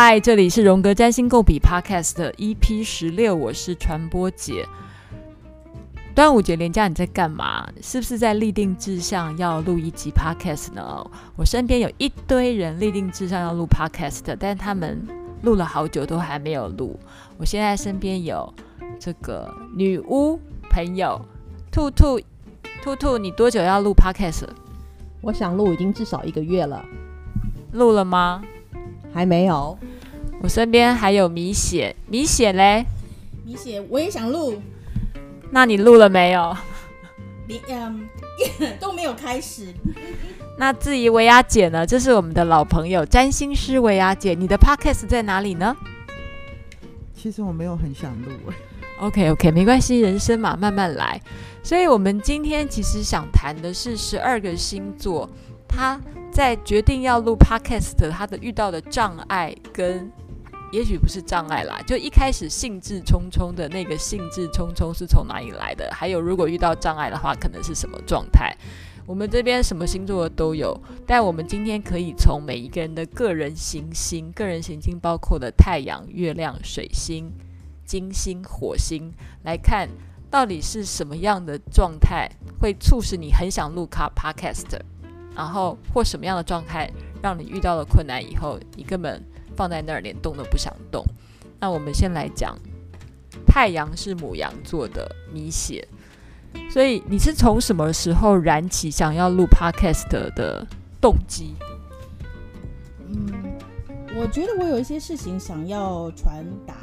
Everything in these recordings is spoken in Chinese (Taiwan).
嗨，這裡是榮格占星共筆 Podcast EP 十六，我是傳播姐。端午節連假，你在幹嘛？是不是在立定志向要錄一集 Podcast 呢？我身邊有一堆人立定志向要錄 Podcast，但他們錄了好久都還沒有錄。我現在身邊有這個女巫朋友，兔兔，兔兔，你多久要錄 Podcast？我想錄已經至少一個月了，錄了嗎？還沒有，嗯、我身邊還有米血，米血嘞，米血我也想錄，那你錄了沒有？你嗯都沒有開始。 那至於維亞姐呢？這是我們的老朋友占星師維亞姐，你的 podcast 在哪裡呢？其實我沒有很想錄，OK OK 沒關係，人生嘛慢慢來。所以，我們今天其實想談的是十二個星座，它。在決定要錄 podcast 他的遇到的障礙跟，也許不是障礙啦，就一開始興致沖沖的，那個興致沖沖是從哪裡來的？還有，如果遇到障礙的話，可能是什麼狀態？我們這邊什麼星座都有，但我們今天可以從每一個人的個人行星、個人行星包括了太陽、月亮、水星、金星、火星來看，到底是什麼樣的狀態會促使你很想錄卡 podcast？然後或什麼樣的狀態，讓你遇到了困難以後，你根本放在那兒連動都不想動？那我們先來講，太陽是牡羊座的，米血，所以你是從什麼時候燃起想要錄 podcast 的動機？嗯，我覺得我有一些事情想要傳達，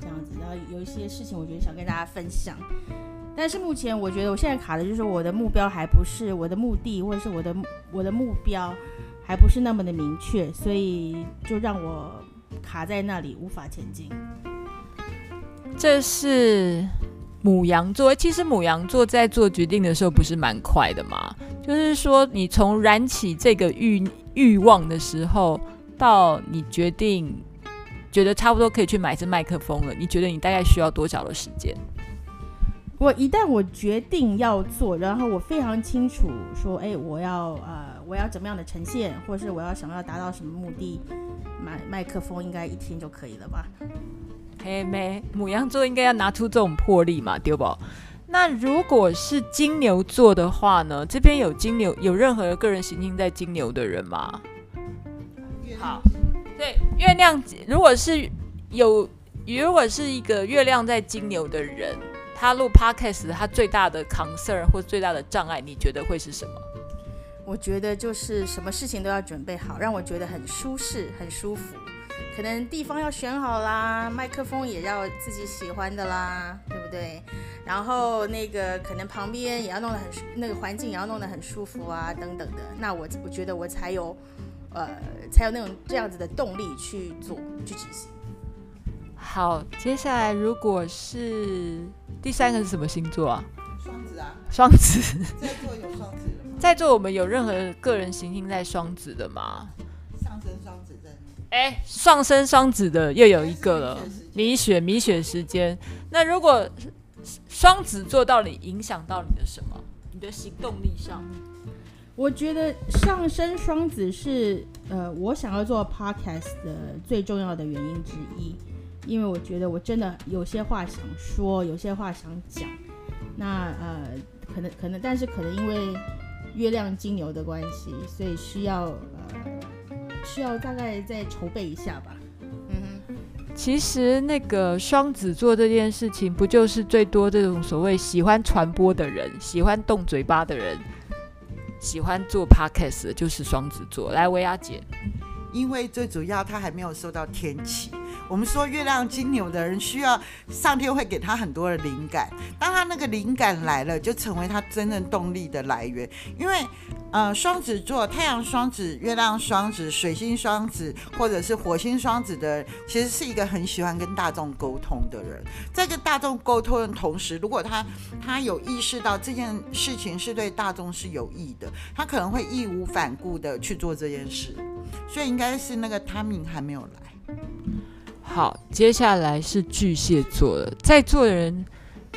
這樣子，然後有一些事情我覺得想跟大家分享。但是目前我覺得我現在卡的就是我的目標還不是我的目的，或者是我的我的目標還不是那麼的明確，所以就讓我卡在那裡無法前進。這是牡羊座，其實牡羊座在做決定的時候不是蠻快的嘛？就是說你從燃起這個慾慾望的時候到你決定覺得差不多可以去買一支麥克風了，你覺得你大概需要多少的時間？我一旦我決定要做，然後我非常清楚說，哎、欸，我要呃，我要怎麼樣的呈現，或是我要想要達到什麼目的，買麥克風應該一聽就可以了吧？嘿妹，牡羊座應該要拿出這種魄力嘛，丟寶，那如果是金牛座的話呢？這邊有金牛，有任何個人行星在金牛的人嗎？好，對，月亮，如果是有，如果是一個月亮在金牛的人。他錄 podcast，他最大的 concern 或最大的障礙，你覺得會是什麼？我覺得就是什麼事情都要準備好，讓我覺得很舒適、很舒服。可能地方要選好啦，麥克風也要自己喜歡的啦，對不對？然後那個可能旁邊也要弄得很，那個環境也要弄得很舒服啊，等等的。那我我覺得我才有，呃，才有那種這樣子的動力去做、去執行。好，接下來如果是第三個是什麼星座啊？雙子啊。雙子。在座有雙子的嗎？ 在座我們有任何個人行星在雙子的嗎？上升雙子的。哎，上升雙子的又有一個了，米血，米血時間。那如果雙子做到底，影響到你的什麼？你的行動力上？我覺得上升雙子是呃，我想要做 podcast 的最重要的原因之一。因為我覺得我真的有些話想說，有些話想講。那呃，可能可能，但是可能因為月亮金牛的關係，所以需要呃需要大概再籌備一下吧。嗯哼，其實那個雙子座這件事情，不就是最多這種所謂喜歡傳播的人，喜歡動嘴巴的人，喜歡做 podcast 的，就是雙子座。來，Wilya 姐，因為最主要他還沒有受到天氣。我們說，月亮金牛的人需要上天會給他很多的靈感。當他那個靈感來了，就成為他真正動力的來源。因為，呃，雙子座太陽雙子、月亮雙子、水星雙子，或者是火星雙子的，其實是一個很喜歡跟大眾溝通的人。在跟大眾溝通的同時，如果他他有意識到這件事情是對大眾是有益的，他可能會義無反顧的去做這件事。所以，應該是那個 timing 還沒有來。好，接下來是巨蟹座了。在座的人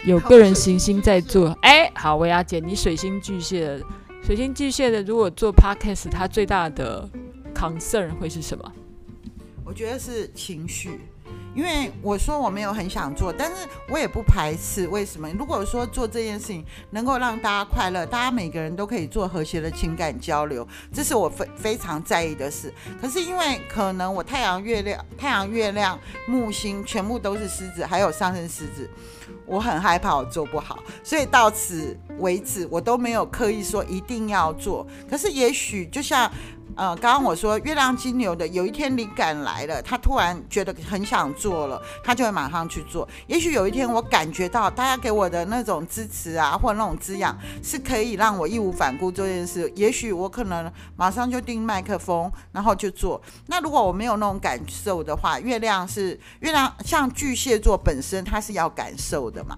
有個人行星在座，哎、欸，好，薇婭姐，你水星巨蟹的，水星巨蟹的，如果做 p o c k s t s 它，最大的 concern 會是什麼？我覺得是情緒。因為我說我沒有很想做，但是我也不排斥。為什麼？如果說做這件事情能夠讓大家快樂，大家每個人都可以做和諧的情感交流，這是我非非常在意的事。可是因為可能我太陽月亮、太陽月亮、木星全部都是獅子，還有上升獅子，我很害怕我做不好，所以到此為止我都沒有刻意說一定要做。可是也許就像。呃、嗯，剛剛我說月亮金牛的，有一天靈感來了，他突然覺得很想做了，他就會馬上去做。也許有一天我感覺到大家給我的那種支持啊，或那種滋養，是可以讓我義無反顧做件事。也許我可能馬上就訂麥克風，然後就做。那如果我沒有那種感受的話，月亮是月亮，像巨蟹座本身，它是要感受的嘛。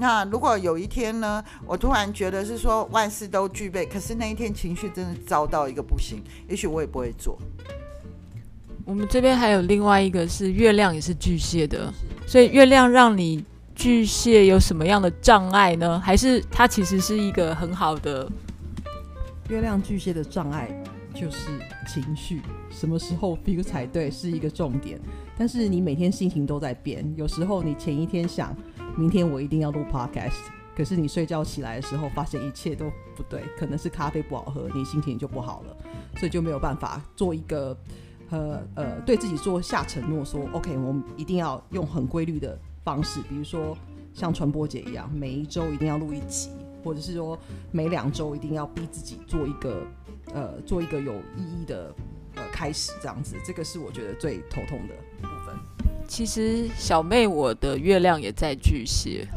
那如果有一天呢，我突然覺得是說萬事都具備，可是那一天情緒真的糟到一個不行，也許我也不會做。我們這邊還有另外一個是月亮也是巨蟹的，所以月亮讓你巨蟹有什麼樣的障礙呢？還是它其實是一個很好的月亮巨蟹的障礙就是情緒，什麼時候 feel 才對是一個重點。但是你每天心情都在變，有時候你前一天想。明天我一定要錄 podcast，可是你睡覺起來的時候發現一切都不對，可能是咖啡不好喝，你心情就不好了，所以就沒有辦法做一個呃呃對自己做下承諾說，說 OK，我們一定要用很規律的方式，比如說像傳播姐一樣，每一週一定要錄一集，或者是說每兩週一定要逼自己做一個呃做一個有意義的呃開始，這樣子，這個是我覺得最頭痛的。其實小妹，我的月亮也在巨蟹。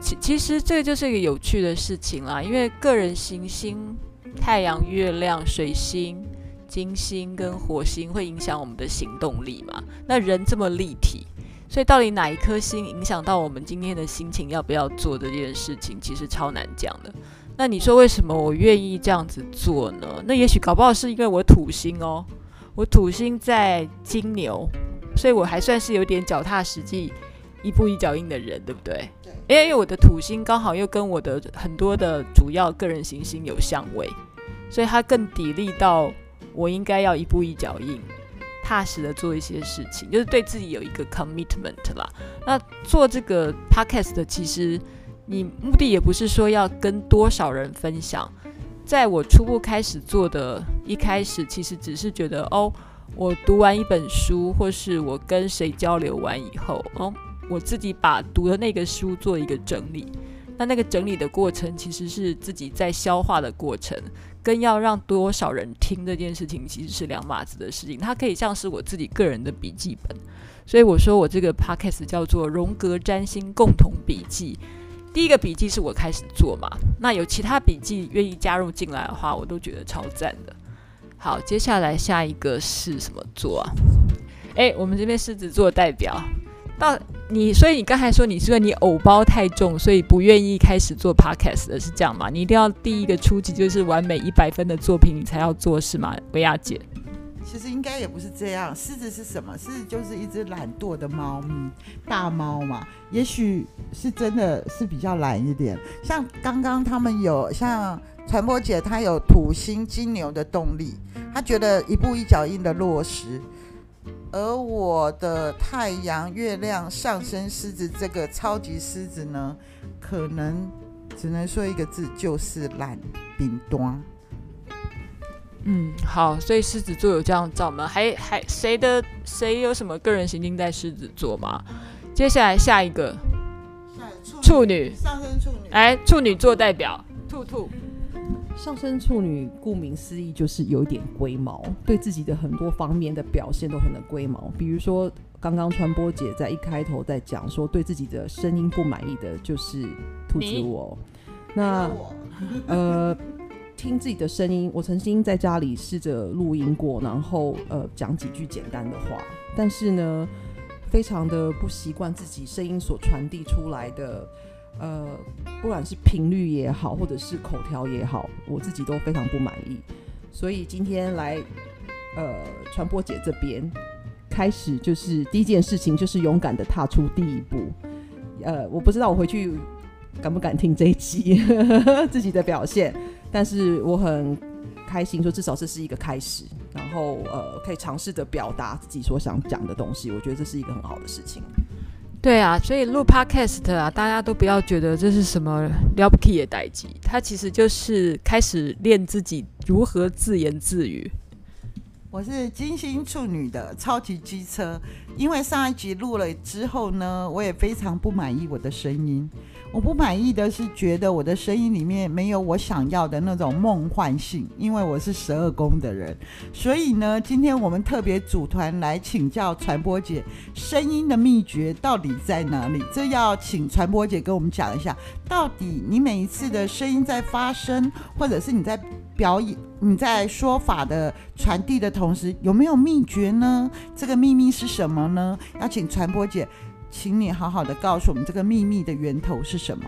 其其實這個就是一個有趣的事情啦，因為個人行星太陽、月亮、水星、金星跟火星會影響我們的行動力嘛。那人這麼立體，所以到底哪一顆星影響到我們今天的心情，要不要做的這件事情，其實超難講的。那你說為什麼我願意這樣子做呢？那也許搞不好是因為我土星哦。我土星在金牛，所以我還算是有點腳踏實地、一步一腳印的人，對不對？對，因為我的土星剛好又跟我的很多的主要個人行星有相位，所以它更砥礪到我應該要一步一腳印、踏實的做一些事情，就是對自己有一個 commitment 啦。那做這個 podcast 的，其實你目的也不是說要跟多少人分享。在我初步開始做的一開始，其實只是覺得哦，我讀完一本書，或是我跟誰交流完以後，哦，我自己把讀的那個書做一個整理。那那個整理的過程其實是自己在消化的過程，更要讓多少人聽這件事情，其實是兩碼子的事情。它可以像是我自己個人的筆記本，所以我說我這個 podcast 叫做《榮格占星共同筆記》。第一個筆記是我開始做嘛，那有其他筆記願意加入進來的話，我都覺得超讚的。好，接下來下一個是什麼座啊？欸，我們這邊獅子座代表到你，所以你剛才說你是說你偶包太重，所以不願意開始做 podcast 的是這樣嗎？你一定要第一個初級就是完美一百分的作品你才要做是嗎，薇婭姐？其實應該也不是這樣，獅子是什麼？獅子就是一隻懶惰的貓咪，大貓嘛，也許是真的是比較懶一點。像剛剛他們有像傳播姐，她有土星金牛的動力，她覺得一步一腳印的落實。而我的太陽、月亮、上升獅子這個超級獅子呢，可能只能說一個字，就是懶，頂端。嗯，好，所以獅子座有這樣找嗎？還還誰的誰有什麼個人行星在獅子座嗎？接下來下一個，處女上升處女，哎，處女，女座代表兔兔，上升處女，顧名思義就是有點龜毛，對自己的很多方面的表現都很龜毛。比如說剛剛傳播姐在一開頭在講說對自己的聲音不滿意的就是兔子我，那我呃。 聽自己的聲音，我曾經在家裡試着錄音過，然後呃講幾句簡單的話，但是呢，非常的不習慣自己聲音所傳遞出來的，呃，不管是頻率也好，或者是口條也好，我自己都非常不滿意。所以今天來呃傳播姐這邊，開始就是第一件事情就是勇敢的踏出第一步。呃，我不知道我回去敢不敢聽這一集 自己的表現。但是我很開心，說至少這是一個開始，然後呃，可以嘗試著表達自己所想講的東西，我覺得這是一個很好的事情。對啊，所以錄 Podcast 啊，大家都不要覺得這是什麼了不起的代誌，它其實就是開始練自己如何自言自語。我是金星處女的超級機車，因為上一集錄了之後呢，我也非常不滿意我的聲音。我不滿意的是，覺得我的聲音裡面沒有我想要的那種夢幻性。因為我是十二宮的人，所以呢，今天我們特別組團來請教傳播姐，聲音的秘訣到底在哪裡？這要請傳播姐跟我們講一下。到底你每一次的聲音在發聲，或者是你在表演、你在說法的傳遞的同時，有沒有秘訣呢？這個秘密是什麼呢？要請傳播姐，請你好好的告訴我們這個秘密的源頭是什麼。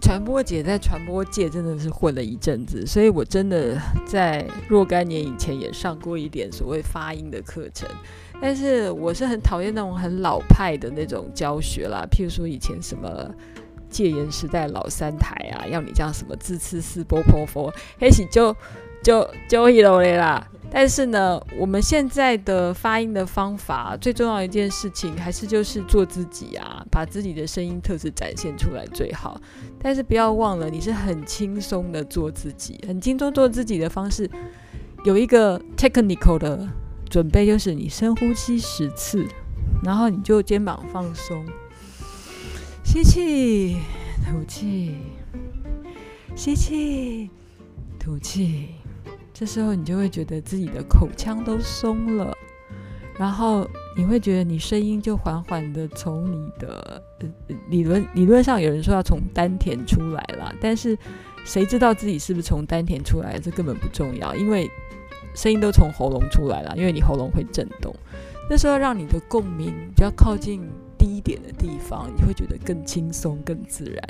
傳播姐在傳播界真的是混了一陣子，所以我真的在若干年以前也上過一點所謂發音的課程，但是我是很討厭那種很老派的那種教學啦，譬如說以前什麼。戒嚴時代老三台啊，要你這樣什麼自吃四波潑佛，嘿就就就一了啦。但是呢，我們現在的發音的方法最重要的一件事情還是就是做自己啊，把自己的聲音特質展現出來最好。但是不要忘了，你是很輕鬆的做自己，很輕鬆做自己的方式有一個 technical 的準備，就是你深呼吸十次，然後你就肩膀放鬆。吸氣，吐氣，吸氣，吐氣。這時候你就會覺得自己的口腔都鬆了，然後你會覺得你聲音就緩緩的從你的、呃、理論理論上有人說要從丹田出來啦，但是誰知道自己是不是從丹田出來？這根本不重要，因為聲音都從喉嚨出來了，因為你喉嚨會震動。那時候讓你的共鳴比較靠近。低一點的地方，你會覺得更輕鬆、更自然。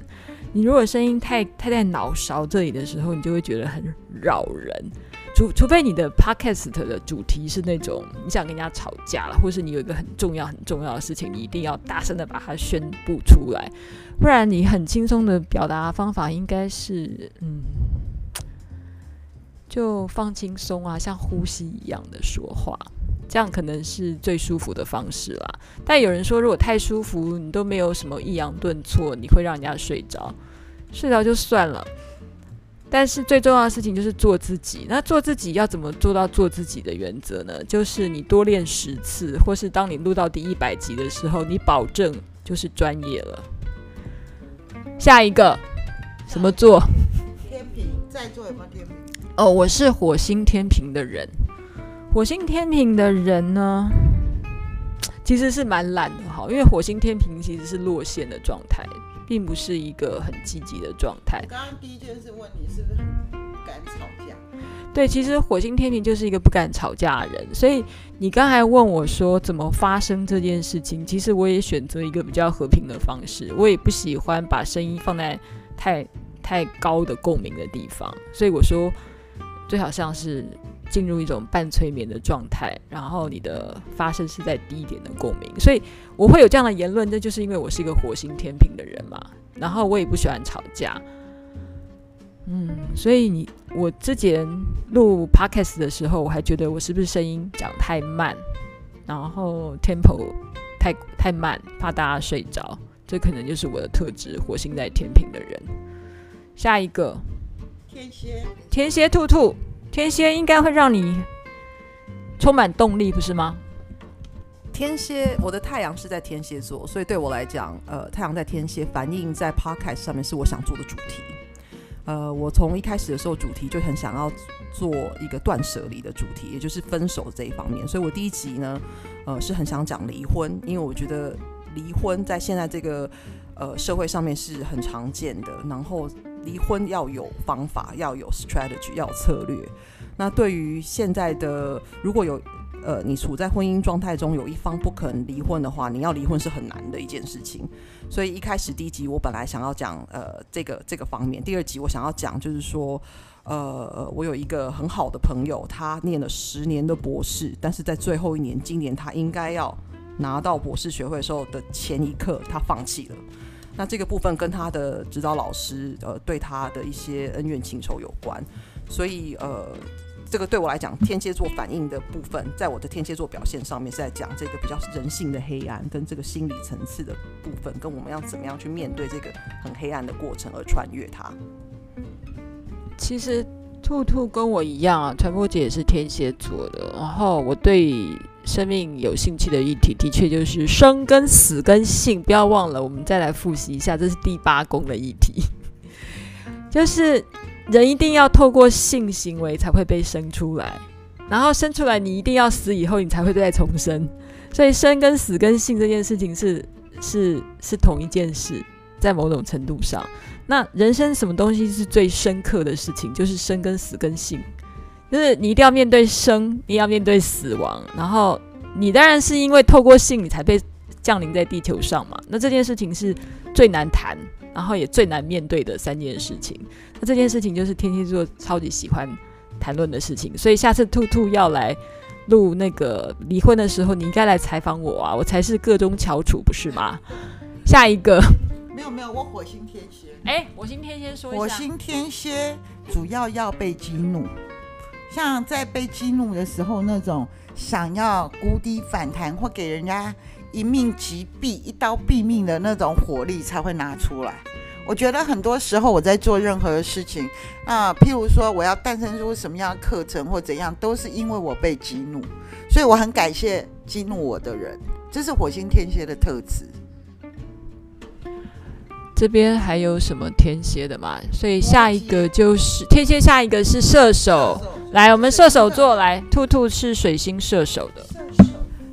你如果聲音太太在腦勺這裡的時候，你就會覺得很擾人。除除非你的 podcast 的主題是那種你想跟人家吵架了，或是你有一個很重要、很重要的事情，你一定要大聲的把它宣布出來。不然，你很輕鬆的表達的方法應該是，嗯，就放輕鬆啊，像呼吸一樣的說話。這樣可能是最舒服的方式啦，但有人說，如果太舒服，你都沒有什麼抑揚頓挫，你會讓人家睡着，睡着就算了。但是最重要的事情就是做自己。那做自己要怎麼做到做自己的原則呢？就是你多練十次，或是當你錄到第一百集的時候，你保證就是專業了。下一個什麼座？天秤，在座有沒有天秤？哦，我是火星天秤的人。火星天秤的人呢，其實是蠻懶的哈，因為火星天秤其實是落陷的狀態，並不是一個很積極的狀態。剛剛第一件事問你是不是不敢吵架？對，其實火星天秤就是一個不敢吵架的人，所以你剛才問我說，怎麼發生這件事情，其實我也選擇一個比較和平的方式，我也不喜歡把聲音放在太太高的共鳴的地方，所以我說最好像是。進入一種半催眠的狀態，然後你的發聲是在低一點的共鳴，所以我會有這樣的言論，那就是因為我是一個火星天平的人嘛，然後我也不喜歡吵架，嗯，所以你我之前錄 podcast 的時候，我還覺得我是不是聲音講太慢，然後 tempo 太太慢，怕大家睡着，這可能就是我的特質，火星在天平的人。下一個，天蠍，天蠍兔兔。天蠍應該會讓你充滿動力，不是嗎？天蠍，我的太陽是在天蠍座，所以對我來講，呃，太陽在天蠍，反映在 podcast 上面是我想做的主題。呃，我從一開始的時候，主題就很想要做一個斷舍離的主題，也就是分手這一方面。所以我第一集呢，呃，是很想講離婚，因為我覺得離婚在現在這個呃社會上面是很常見的。然後離婚要有方法，要有 strategy，要有策略。那對於現在的，如果有呃，你處在婚姻狀態中有一方不肯離婚的話，你要離婚是很難的一件事情。所以一開始第一集我本來想要講呃這個這個方面，第二集我想要講就是說呃我有一個很好的朋友，他念了十年的博士，但是在最後一年，今年他應該要拿到博士學位的時候的前一刻，他放棄了。那這個部分跟他的指導老師，呃，對他的一些恩怨情仇有關，所以呃，這個對我來講，天蠍座反應的部分，在我的天蠍座表現上面是在講這個比較人性的黑暗跟這個心理層次的部分，跟我們要怎麼樣去面對這個很黑暗的過程而穿越它。其實。兔兔跟我一樣啊，傳播姐也是天蠍座的。然後我對生命有興趣的議題，的確就是生跟死跟性。不要忘了，我們再來復習一下，這是第八宮的議題，就是人一定要透過性行為才會被生出來，然後生出來你一定要死以後，你才會再重生。所以生跟死跟性這件事情是是是同一件事。在某種程度上，那人生什麼東西是最深刻的事情？就是生跟死跟性，就是你一定要面對生，你要面對死亡，然後你當然是因為透過性，你才被降臨在地球上嘛。那這件事情是最難談，然後也最難面對的三件事情。那這件事情就是天蠍座超級喜歡談論的事情，所以下次兔兔要來錄那個離婚的時候，你應該來採訪我啊，我才是個中翹楚，不是嗎？下一個。沒有沒有，我火星天蠍。哎，火星天蠍說一下，火星天蠍主要要被激怒，像在被激怒的時候，那種想要谷底反彈或給人家一命即斃、一刀斃命的那種火力才會拿出來。我覺得很多時候我在做任何事情，啊，譬如說我要誕生出什麼樣的課程或怎樣，都是因為我被激怒，所以我很感謝激怒我的人，這是火星天蠍的特質。這邊還有什麼天蠍的嗎？所以下一個就是天蠍，下一個是射手。來，我們射手座來，兔兔是水星射手的。射手，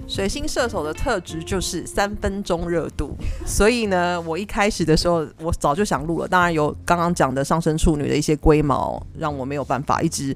水星射手的特質就是三分鐘熱度。所以呢，我一開始的時候，我早就想錄了。當然有剛剛講的上升處女的一些龜毛，讓我沒有辦法一直。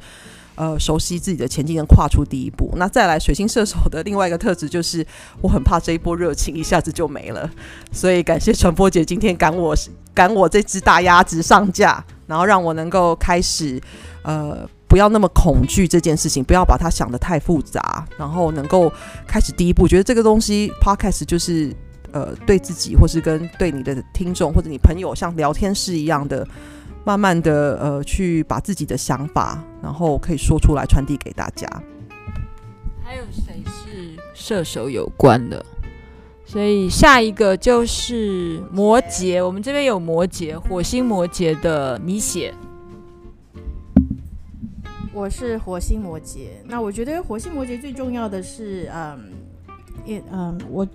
呃，熟悉自己的前進能跨出第一步。那再來，水星射手的另外一個特質就是，我很怕這一波熱情一下子就沒了。所以感謝傳播姐今天趕我，趕我這隻大鴨子上架，然後讓我能夠開始，呃，不要那麼恐懼這件事情，不要把它想得太複雜，然後能夠開始第一步。覺得這個東西 Podcast 就是，呃，對自己或是跟對你的聽眾或者你朋友像聊天室一樣的。慢慢的，呃，去把自己的想法，然後可以說出來，傳遞給大家。還有誰是射手有關的？所以下一個就是摩羯，我們這邊有摩羯，火星摩羯的米血。我是火星摩羯，那我覺得火星摩羯最重要的是，嗯，也，嗯，我，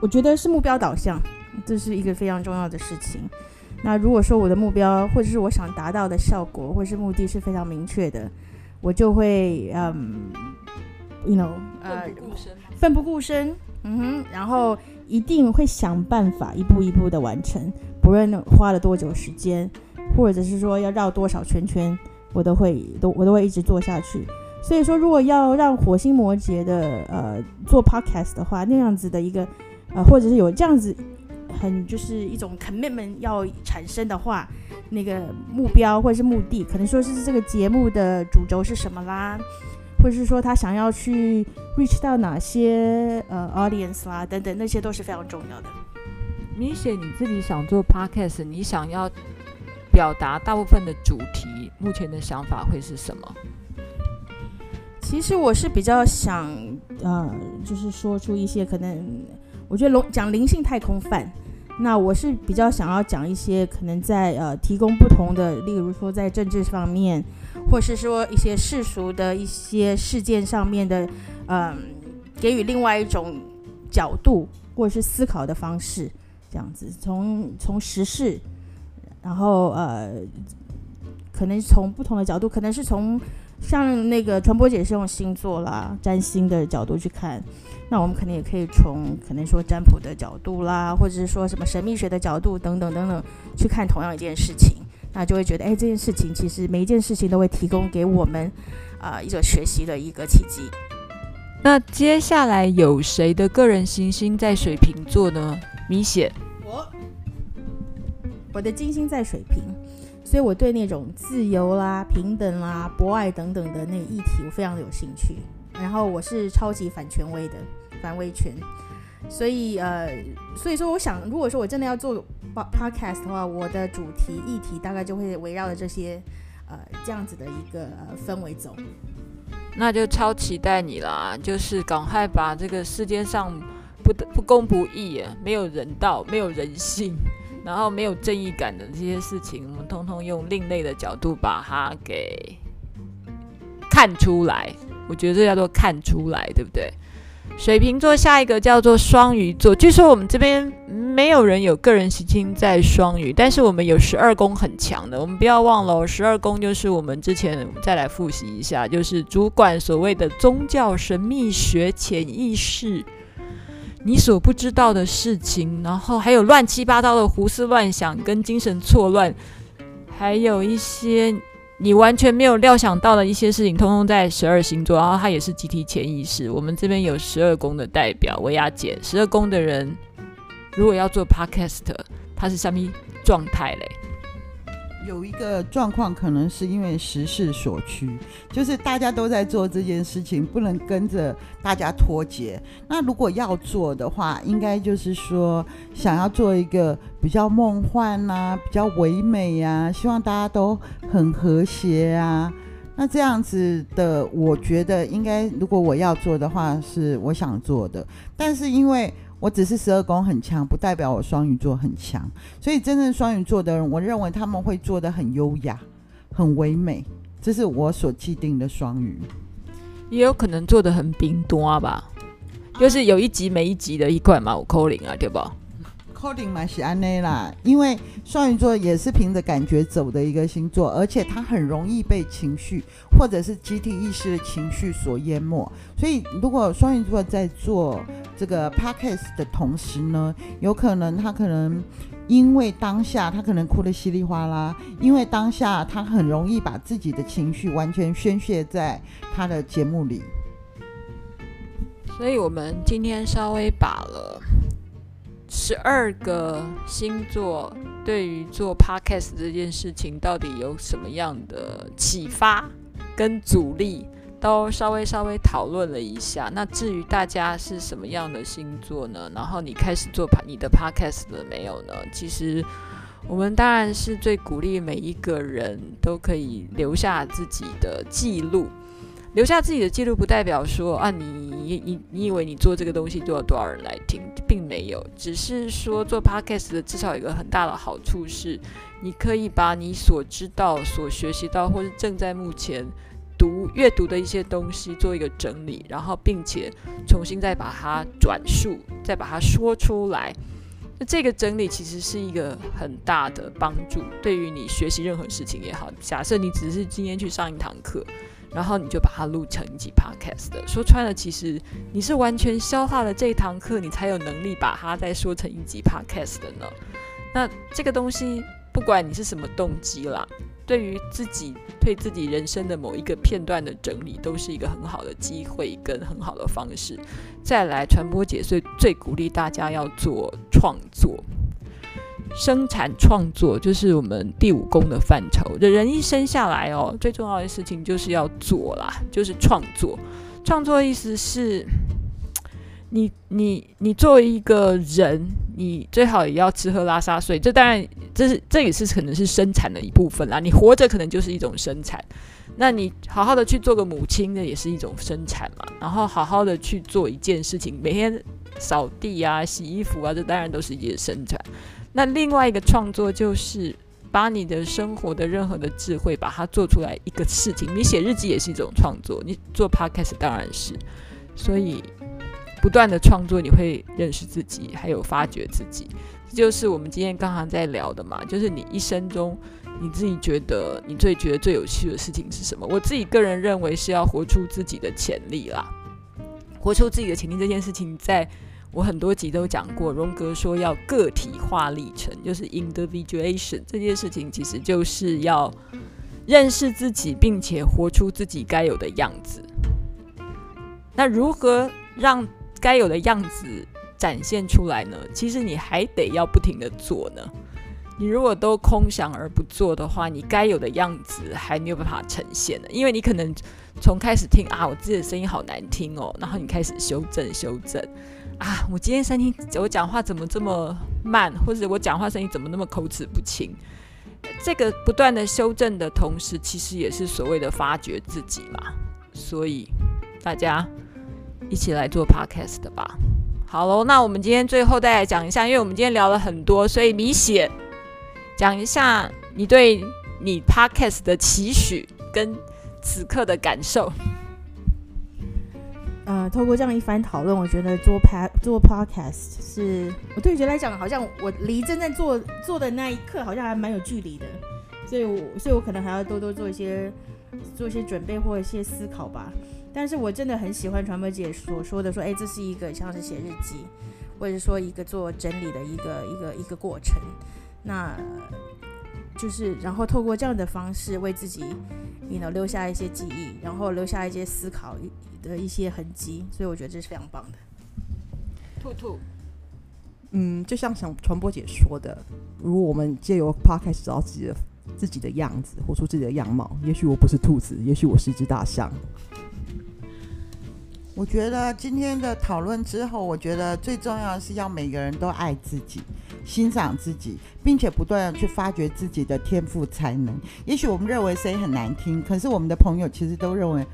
我覺得是目標導向，這是一個非常重要的事情。那如果說我的目標或者是我想達到的效果或者是目的，是非常明確的，我就會，嗯、um，you know，呃、uh，奮不顧身，嗯哼，然後一定會想辦法一步一步的完成，不論花了多久時間，或者是說要繞多少圈圈，我都會都我都會一直做下去。所以說，如果要讓火星摩羯的呃做 podcast 的話，那樣子的一個，呃，或者是有這樣子。很就是一種 commitment 要產生的話，那個目標或者是目的，可能說是這個節目的主軸是什麼啦，或者是說他想要去 reach 到哪些呃 audience 啦，等等那些都是非常重要的。明顯你自己想做 podcast，你想要表達大部分的主題，目前的想法會是什麼？其實我是比較想，呃，就是說出一些可能，我覺得龍講靈性太空泛。那我是比較想要講一些可能在呃提供不同的，例如說在政治方面，或是說一些世俗的一些事件上面的，嗯、呃，給予另外一種角度或是思考的方式，這樣子從從時事，然後呃，可能從不同的角度，可能是從。像那個傳播姐是用星座啦、占星的角度去看，那我們肯定也可以從可能說占卜的角度啦，或者是說什麼神秘學的角度等等等等去看同樣一件事情，那就會覺得，哎，這件事情其實每一件事情都會提供給我們，啊、呃，一種學習的一個契機。那接下來有誰的個人行星在水瓶座呢？米血我，我的金星在水瓶。所以，我對那種自由啦、平等啦、博愛等等的那個議題，我非常的有興趣。然後，我是超級反權威的，反威權。所以，呃，所以說，我想，如果說我真的要做 podcast 的話，我的主題議題大概就會圍繞着這些，呃，這樣子的一個、呃、氛圍走。那就超期待你啦！就是趕快把這個世界上不不公不義，沒有人道，沒有人性。然後沒有正義感的這些事情，我們通通用另類的角度把它給看出來。我覺得這叫做看出來，對不對？水瓶座下一個叫做雙魚座。據說我們這邊沒有人有個人行星在雙魚，但是我們有十二宮很強的。我們不要忘了哦，十二宮就是我們之前，我們再來複習一下，就是主管所謂的宗教、神秘學、潛意識。你所不知道的事情，然後還有亂七八糟的胡思亂想跟精神錯亂，還有一些你完全沒有料想到的一些事情，通通在十二星座。然後他也是集體潛意識。我們這邊有十二宮的代表，維亞姐。十二宮的人如果要做 Podcast，他是什麼狀態嘞？有一個狀況，可能是因為時勢所趨，就是大家都在做這件事情，不能跟着大家脫節。那如果要做的話，應該就是說，想要做一個比較夢幻啊，比較唯美啊，希望大家都很和諧啊。那這樣子的，我覺得應該，如果我要做的話，是我想做的。但是因為。我只是十二宮很強，不代表我雙魚座很強。所以真正雙魚座的人，我認為他們會做得很優雅、很唯美。這是我所既定的雙魚。也有可能做得很冰多吧，就是有一集沒一集的一塊嘛，我扣零啊，對吧？calling 啦，因為雙魚座也是憑着感覺走的一個星座，而且他很容易被情緒或者是集體意識的情緒所淹沒。所以，如果雙魚座在做這個 podcast 的同時呢，有可能他可能因為當下他可能哭得稀里嘩啦，因為當下他很容易把自己的情緒完全宣洩在他的節目裡。所以我們今天稍微把了。十二個星座對於做 podcast 這件事情到底有什麼樣的啟發跟阻力，都稍微稍微討論了一下。那至於大家是什麼樣的星座呢？然後你開始做你的 podcast 了沒有呢？其實我們當然是最鼓勵每一個人都可以留下自己的記錄，留下自己的記錄不代表說啊，你你你以為你做這個東西做了多少人來聽，並。沒有，只是說做 podcast 的至少有一個很大的好處是，你可以把你所知道、所學習到，或是正在目前讀、閱讀的一些東西做一個整理，然後並且重新再把它轉述，再把它說出來。那這個整理其實是一個很大的幫助，對於你學習任何事情也好。假設你只是今天去上一堂課。然後你就把它錄成一集 podcast 的，說穿了，其實你是完全消化了這一堂課，你才有能力把它再說成一集 podcast 的呢。那這個東西，不管你是什麼動機啦，對於自己對自己人生的某一個片段的整理，都是一個很好的機會跟很好的方式。再來，傳播姐所以最鼓勵大家要做創作。生產創作就是我們第五宮的範疇。人一生下來哦，最重要的事情就是要做啦，就是創作。創作的意思是，你你你作為一個人，你最好也要吃喝拉撒睡。這當然這是這也是可能是生產的一部分啦。你活着可能就是一種生產，那你好好的去做個母親，那也是一種生產嘛。然後好好的去做一件事情，每天掃地啊、洗衣服啊，這當然都是一些生產。那另外一個創作就是把你的生活的任何的智慧，把它做出來一個事情。你寫日記也是一種創作，你做 podcast 當然是，所以不斷的創作，你會認識自己，還有發掘自己。這就是我們今天剛剛在聊的嘛，就是你一生中你自己覺得你最覺得最有趣的事情是什麼？我自己個人認為是要活出自己的潛力啦，活出自己的潛力這件事情在。我很多集都講過，榮格說要個體化歷程，就是 individuation 這件事情，其實就是要認識自己，並且活出自己該有的樣子。那如何讓該有的樣子展現出來呢？其實你還得要不停地做呢。你如果都空想而不做的話，你該有的樣子還沒有辦法呈現呢。因為你可能從開始聽啊，我自己的聲音好難聽哦，然後你開始修正修正。啊！我今天聲音，我講話怎麼這麼慢，或者我講話聲音怎麼那麼口齒不清。呃，這個不斷的修正的同時，其實也是所謂的發掘自己嘛。所以大家一起來做 podcast 的吧。好嘍，那我們今天最後再來講一下，因為我們今天聊了很多，所以米血講一下你對你 podcast 的期許跟此刻的感受。呃、嗯，透過這樣一番討論，我覺得做拍做 podcast 是我對於覺得來講，好像我離真正做做的那一刻好像還蠻有距離的，所以我，所以我可能還要多多做一些做一些準備或一些思考吧。但是我真的很喜歡傳播姐所說的，說，哎，這是一個像是寫日記，或者說一個做整理的一個一個一個過程。那就是然後透過這樣的方式，為自己。你 you 能 know, 留下一些記憶，然後留下一些思考的一些痕跡，所以我覺得這是非常棒的。兔兔。嗯，就像想傳播姐說的，如果我們借由 p 開始找到自己的自己的樣子，活出自己的樣貌，也許我不是兔子，也許我是一隻大象。我覺得今天的討論之後，我覺得最重要的是要每個人都愛自己，欣賞自己，並且不斷去發掘自己的天賦才能。也許我們認為聲音很難聽，可是我們的朋友其實都認為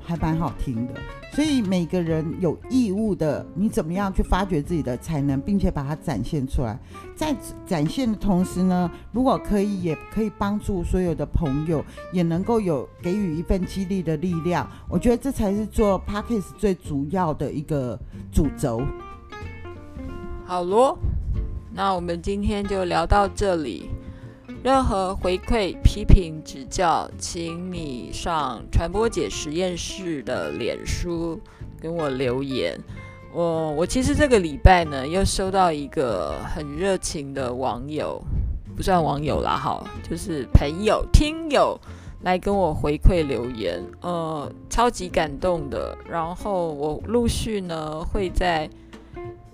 還蠻好聽的。所以每個人有義務的，你怎麼樣去發掘自己的才能，並且把它展現出來。在展現的同時呢，如果可以，也可以幫助所有的朋友，也能夠有給予一份激勵的力量。我覺得這才是做 podcast 最主要的一個主軸。好咯。那我們今天就聊到這裡。任何回饋、批評、指教，請你上傳播姐實驗室的臉書跟我留言。我、嗯、我其實這個禮拜呢，又收到一個很熱情的網友，不算網友啦，哈，就是朋友、聽友來跟我回饋留言，呃、嗯，超級感動的。然後我陸續呢會在。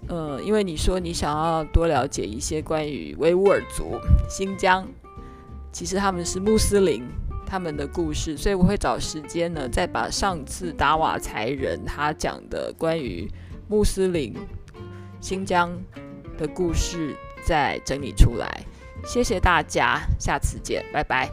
呃、嗯，因為你說你想要多了解一些關於維吾爾族、新疆，其實他們是穆斯林，他們的故事，所以我會找時間呢，再把上次達瓦才仁他講的關於穆斯林新疆的故事再整理出來。謝謝大家，下次見，拜拜。